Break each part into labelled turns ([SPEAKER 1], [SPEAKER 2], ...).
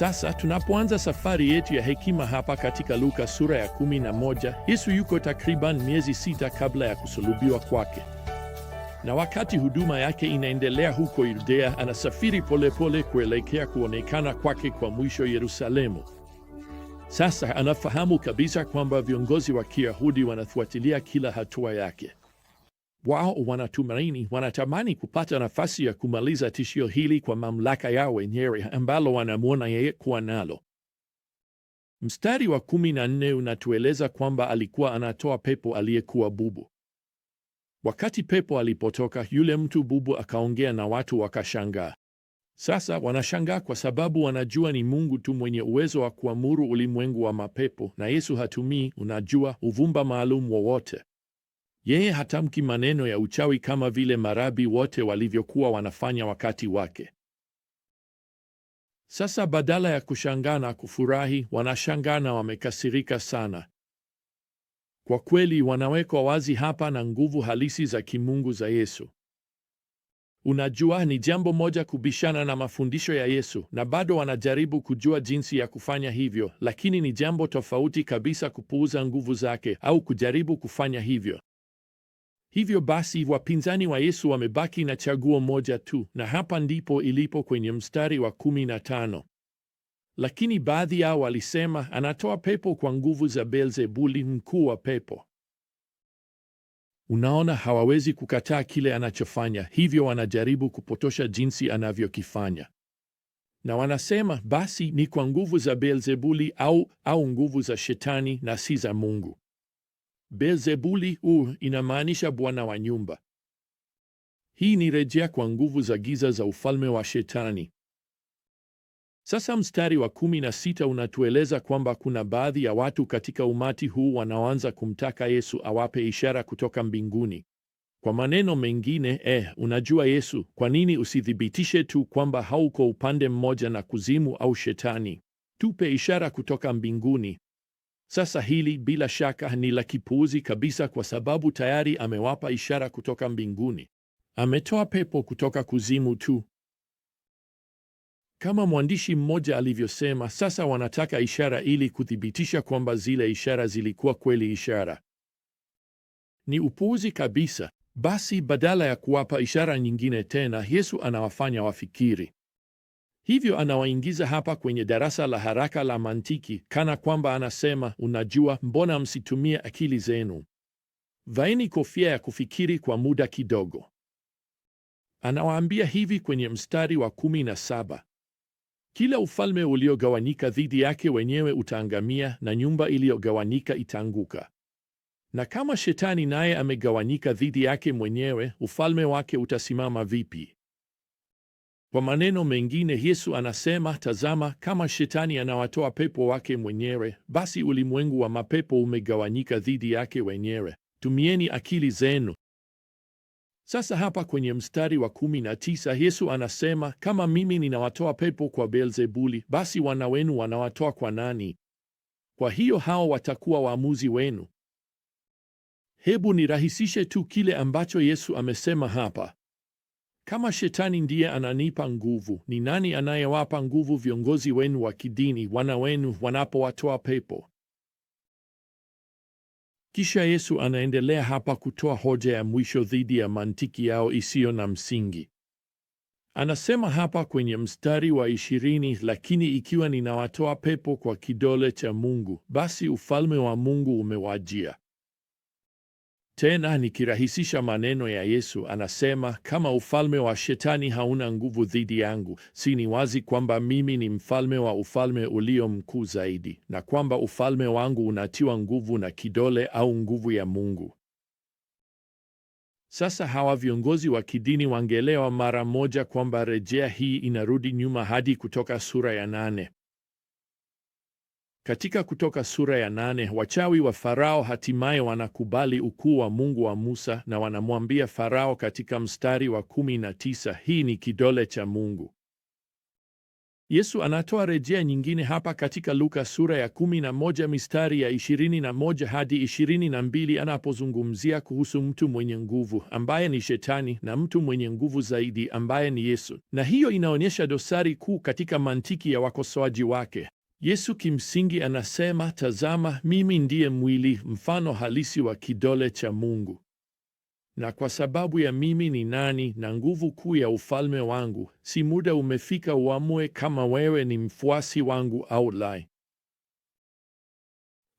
[SPEAKER 1] Sasa tunapoanza safari yetu ya hekima hapa katika Luka sura ya 11, Yesu yuko takriban miezi sita kabla ya kusulubiwa kwake, na wakati huduma yake inaendelea huko Yudea, anasafiri polepole kuelekea kuonekana kwake kwa mwisho Yerusalemu. Sasa anafahamu kabisa kwamba viongozi wa Kiyahudi wanafuatilia kila hatua yake wao wanatumaini, wanatamani kupata nafasi ya kumaliza tishio hili kwa mamlaka yao wenyewe ambalo wanamwona yeye kuwa nalo. Mstari wa kumi na nne unatueleza kwamba alikuwa anatoa pepo aliyekuwa bubu. Wakati pepo alipotoka, yule mtu bubu akaongea na watu wakashangaa. Sasa wanashangaa kwa sababu wanajua ni Mungu tu mwenye uwezo wa kuamuru ulimwengu wa mapepo, na Yesu hatumii, unajua, uvumba maalum wowote. Yeye hatamki maneno ya uchawi kama vile marabi wote walivyokuwa wanafanya wakati wake. Sasa badala ya kushangaa na kufurahi, wanashangaa na wamekasirika sana. Kwa kweli, wanawekwa wazi hapa na nguvu halisi za kimungu za Yesu. Unajua, ni jambo moja kubishana na mafundisho ya Yesu, na bado wanajaribu kujua jinsi ya kufanya hivyo, lakini ni jambo tofauti kabisa kupuuza nguvu zake au kujaribu kufanya hivyo. Hivyo basi wapinzani wa Yesu wamebaki na chaguo moja tu, na hapa ndipo ilipo kwenye mstari wa kumi na tano. Lakini baadhi yao walisema, anatoa pepo kwa nguvu za Beelzebuli, mkuu wa pepo. Unaona, hawawezi kukataa kile anachofanya, hivyo wanajaribu kupotosha jinsi anavyokifanya, na wanasema basi ni kwa nguvu za Beelzebuli au au nguvu za Shetani na si za Mungu. Beelzebuli u inamaanisha bwana wa nyumba. Hii ni rejea kwa nguvu za giza za ufalme wa Shetani. Sasa mstari wa kumi na sita unatueleza kwamba kuna baadhi ya watu katika umati huu wanaoanza kumtaka Yesu awape ishara kutoka mbinguni. Kwa maneno mengine, eh, unajua Yesu, kwa nini usithibitishe tu kwamba hauko upande mmoja na kuzimu au Shetani? Tupe ishara kutoka mbinguni. Sasa hili bila shaka ni la kipuuzi kabisa, kwa sababu tayari amewapa ishara kutoka mbinguni. Ametoa pepo kutoka kuzimu tu. Kama mwandishi mmoja alivyosema, sasa wanataka ishara ili kuthibitisha kwamba zile ishara zilikuwa kweli ishara. Ni upuuzi kabisa. Basi badala ya kuwapa ishara nyingine tena, Yesu anawafanya wafikiri. Hivyo anawaingiza hapa kwenye darasa la haraka la mantiki, kana kwamba anasema, unajua, mbona msitumie akili zenu? Vaeni kofia ya kufikiri kwa muda kidogo. Anawaambia hivi kwenye mstari wa kumi na saba kila ufalme uliogawanyika dhidi yake wenyewe utaangamia, na nyumba iliyogawanyika itaanguka. Na kama shetani naye amegawanyika dhidi yake mwenyewe, ufalme wake utasimama vipi? Kwa maneno mengine, Yesu anasema, tazama, kama shetani anawatoa pepo wake mwenyewe, basi ulimwengu wa mapepo umegawanyika dhidi yake wenyewe. Tumieni akili zenu. Sasa hapa kwenye mstari wa tisa Yesu anasema, kama mimi ninawatoa pepo kwa Beelzebuli, basi wana wenu wanawatoa kwa nani? Kwa hiyo hao watakuwa waamuzi wenu. Hebu nirahisishe tu kile ambacho Yesu amesema hapa. Kama shetani ndiye ananipa nguvu, ni nani anayewapa nguvu viongozi wenu wa kidini, wana wenu wanapowatoa pepo? Kisha Yesu anaendelea hapa kutoa hoja ya mwisho dhidi ya mantiki yao isiyo na msingi. Anasema hapa kwenye mstari wa ishirini, lakini ikiwa ninawatoa pepo kwa kidole cha Mungu, basi ufalme wa Mungu umewajia. Tena nikirahisisha maneno ya Yesu, anasema kama ufalme wa shetani hauna nguvu dhidi yangu, si ni wazi kwamba mimi ni mfalme wa ufalme ulio mkuu zaidi, na kwamba ufalme wangu unatiwa nguvu na kidole au nguvu ya Mungu? Sasa hawa viongozi wa kidini wangeelewa mara moja kwamba rejea hii inarudi nyuma hadi Kutoka sura ya nane. Katika Kutoka sura ya nane, wachawi wa Farao hatimaye wanakubali ukuu wa Mungu wa Musa na wanamwambia Farao katika mstari wa kumi na tisa, hii ni kidole cha Mungu. Yesu anatoa rejea nyingine hapa katika Luka sura ya kumi na moja mistari ya ishirini na moja hadi ishirini na mbili anapozungumzia kuhusu mtu mwenye nguvu ambaye ni Shetani na mtu mwenye nguvu zaidi ambaye ni Yesu, na hiyo inaonyesha dosari kuu katika mantiki ya wakosoaji wake. Yesu kimsingi anasema, tazama, mimi ndiye mwili mfano halisi wa kidole cha Mungu, na kwa sababu ya mimi ni nani na nguvu kuu ya ufalme wangu, si muda umefika uamue kama wewe ni mfuasi wangu au la?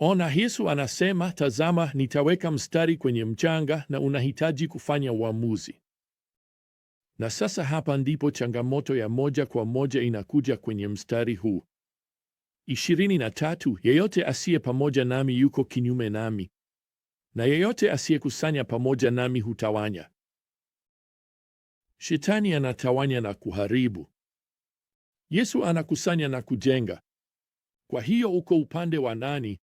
[SPEAKER 1] Ona, Yesu anasema, tazama, nitaweka mstari kwenye mchanga na unahitaji kufanya uamuzi. Na sasa hapa ndipo changamoto ya moja kwa moja inakuja kwenye mstari huu ishirini na tatu yeyote asiye pamoja nami yuko kinyume nami, na yeyote asiyekusanya pamoja nami hutawanya. Shetani anatawanya na kuharibu, Yesu anakusanya na kujenga. Kwa hiyo uko upande wa nani?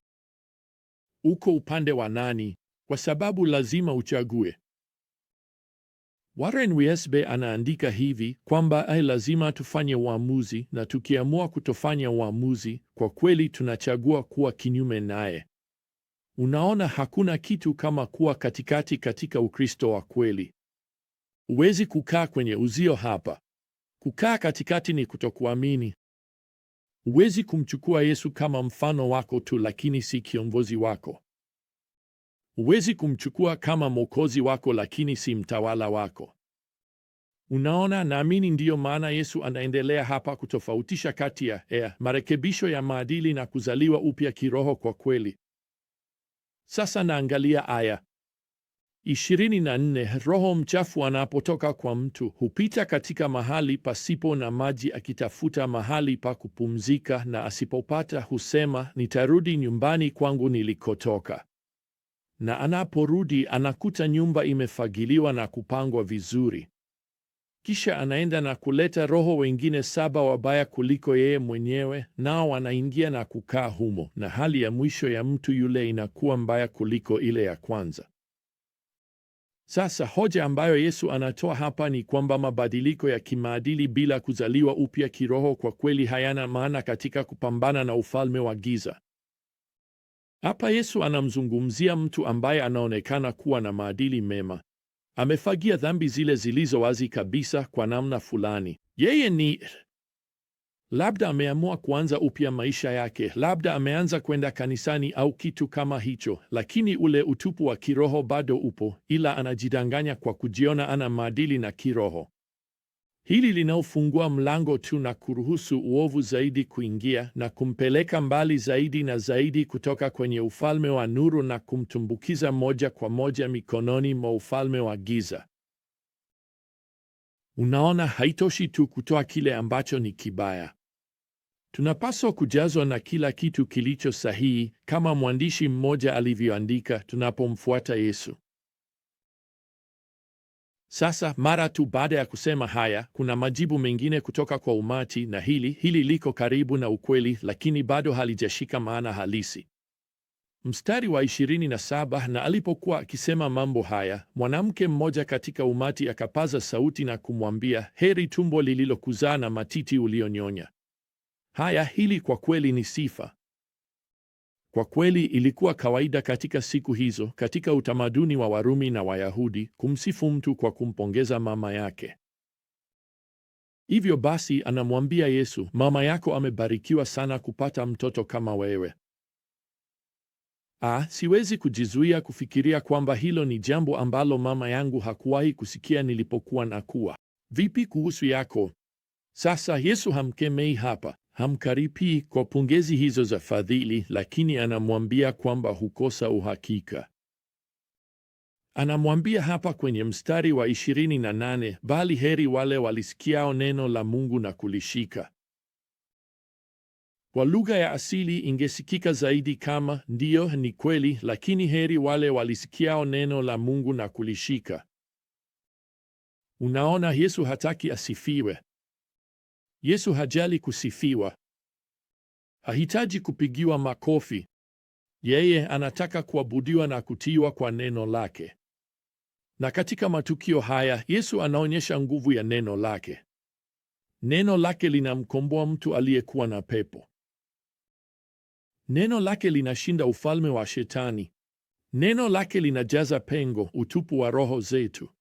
[SPEAKER 1] Uko upande wa nani? Kwa sababu lazima uchague. Warren Wiesbe anaandika hivi kwamba ai, lazima tufanye uamuzi, na tukiamua kutofanya uamuzi, kwa kweli tunachagua kuwa kinyume naye. Unaona, hakuna kitu kama kuwa katikati katika Ukristo wa kweli. Huwezi kukaa kwenye uzio hapa. Kukaa katikati ni kutokuamini. Huwezi kumchukua Yesu kama mfano wako tu, lakini si kiongozi wako. Huwezi kumchukua kama mwokozi wako, lakini si mtawala wako. Unaona, naamini ndiyo maana Yesu anaendelea hapa kutofautisha kati ya ea, marekebisho ya maadili na kuzaliwa upya kiroho kwa kweli. Sasa naangalia aya 24. Roho mchafu anapotoka kwa mtu hupita katika mahali pasipo na maji, akitafuta mahali pa kupumzika, na asipopata husema, nitarudi nyumbani kwangu nilikotoka na anaporudi anakuta nyumba imefagiliwa na kupangwa vizuri. Kisha anaenda na kuleta roho wengine saba wabaya kuliko yeye mwenyewe, nao wanaingia na kukaa humo, na hali ya mwisho ya mtu yule inakuwa mbaya kuliko ile ya kwanza. Sasa hoja ambayo Yesu anatoa hapa ni kwamba mabadiliko ya kimaadili bila kuzaliwa upya kiroho kwa kweli hayana maana katika kupambana na ufalme wa giza. Hapa Yesu anamzungumzia mtu ambaye anaonekana kuwa na maadili mema, amefagia dhambi zile zilizo wazi kabisa. Kwa namna fulani, yeye ni labda ameamua kuanza upya maisha yake, labda ameanza kwenda kanisani au kitu kama hicho, lakini ule utupu wa kiroho bado upo, ila anajidanganya kwa kujiona ana maadili na kiroho. Hili linaofungua mlango tu na kuruhusu uovu zaidi kuingia na kumpeleka mbali zaidi na zaidi kutoka kwenye ufalme wa nuru na kumtumbukiza moja kwa moja mikononi mwa ufalme wa giza. Unaona, haitoshi tu kutoa kile ambacho ni kibaya. Tunapaswa kujazwa na kila kitu kilicho sahihi, kama mwandishi mmoja alivyoandika, tunapomfuata Yesu. Sasa mara tu baada ya kusema haya, kuna majibu mengine kutoka kwa umati, na hili hili liko karibu na ukweli, lakini bado halijashika maana halisi. Mstari wa 27, na alipokuwa akisema mambo haya, mwanamke mmoja katika umati akapaza sauti na kumwambia, heri tumbo lililokuzaa na matiti ulionyonya. Haya, hili kwa kweli ni sifa. Kwa kweli ilikuwa kawaida katika siku hizo, katika utamaduni wa Warumi na Wayahudi, kumsifu mtu kwa kumpongeza mama yake. Hivyo basi, anamwambia Yesu, mama yako amebarikiwa sana kupata mtoto kama wewe. Ah, siwezi kujizuia kufikiria kwamba hilo ni jambo ambalo mama yangu hakuwahi kusikia nilipokuwa nakuwa. Vipi kuhusu yako? Sasa Yesu hamkemei hapa, hamkaripi kwa pongezi hizo za fadhili, lakini anamwambia kwamba hukosa uhakika. Anamwambia hapa kwenye mstari wa 28, bali heri wale walisikiao neno la Mungu na kulishika. Kwa lugha ya asili ingesikika zaidi kama ndiyo, ni kweli, lakini heri wale walisikiao neno la Mungu na kulishika. Unaona, Yesu hataki asifiwe. Yesu hajali kusifiwa, hahitaji kupigiwa makofi. Yeye anataka kuabudiwa na kutiiwa kwa neno lake. Na katika matukio haya Yesu anaonyesha nguvu ya neno lake. Neno lake linamkomboa mtu aliyekuwa na pepo. Neno lake linashinda ufalme wa Shetani. Neno lake linajaza pengo, utupu wa roho zetu.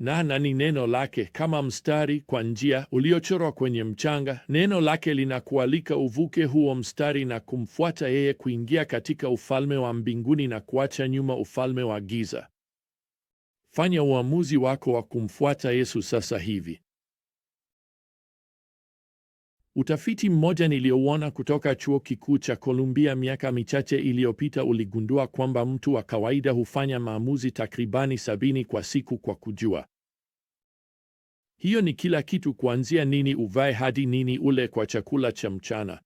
[SPEAKER 1] Nana ni neno lake kama mstari kwa njia uliochorwa kwenye mchanga. Neno lake linakualika uvuke huo mstari na kumfuata yeye kuingia katika ufalme wa mbinguni na kuacha nyuma ufalme wa giza. Fanya uamuzi wako wa kumfuata Yesu sasa hivi. Utafiti mmoja niliouona kutoka chuo kikuu cha Columbia miaka michache iliyopita uligundua kwamba mtu wa kawaida hufanya maamuzi takribani sabini kwa siku kwa kujua. Hiyo ni kila kitu kuanzia nini uvae hadi nini ule kwa chakula cha mchana.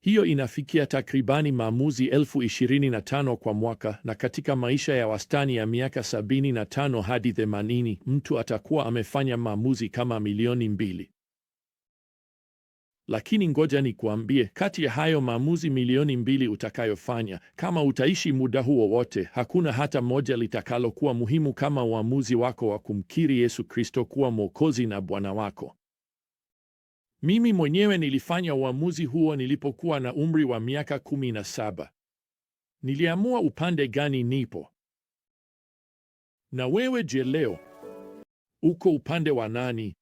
[SPEAKER 1] Hiyo inafikia takribani maamuzi elfu ishirini na tano kwa mwaka, na katika maisha ya wastani ya miaka 75 hadi 80 mtu atakuwa amefanya maamuzi kama milioni mbili. Lakini ngoja nikuambie, kati ya hayo maamuzi milioni mbili utakayofanya, kama utaishi muda huo wote, hakuna hata moja litakalokuwa muhimu kama uamuzi wako wa kumkiri Yesu Kristo kuwa Mwokozi na Bwana wako. Mimi mwenyewe nilifanya uamuzi huo nilipokuwa na umri wa miaka kumi na saba. Niliamua upande gani nipo. Na wewe je, leo uko upande wa nani?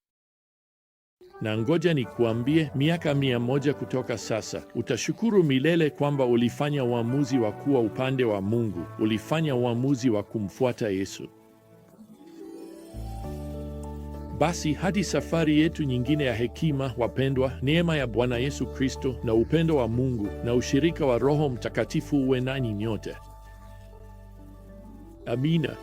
[SPEAKER 1] na ngoja nikuambie, miaka mia moja kutoka sasa utashukuru milele kwamba ulifanya uamuzi wa kuwa upande wa Mungu, ulifanya uamuzi wa kumfuata Yesu. Basi hadi safari yetu nyingine ya hekima, wapendwa, neema ya Bwana Yesu Kristo na upendo wa Mungu na ushirika wa Roho Mtakatifu uwe nanyi nyote. Amina.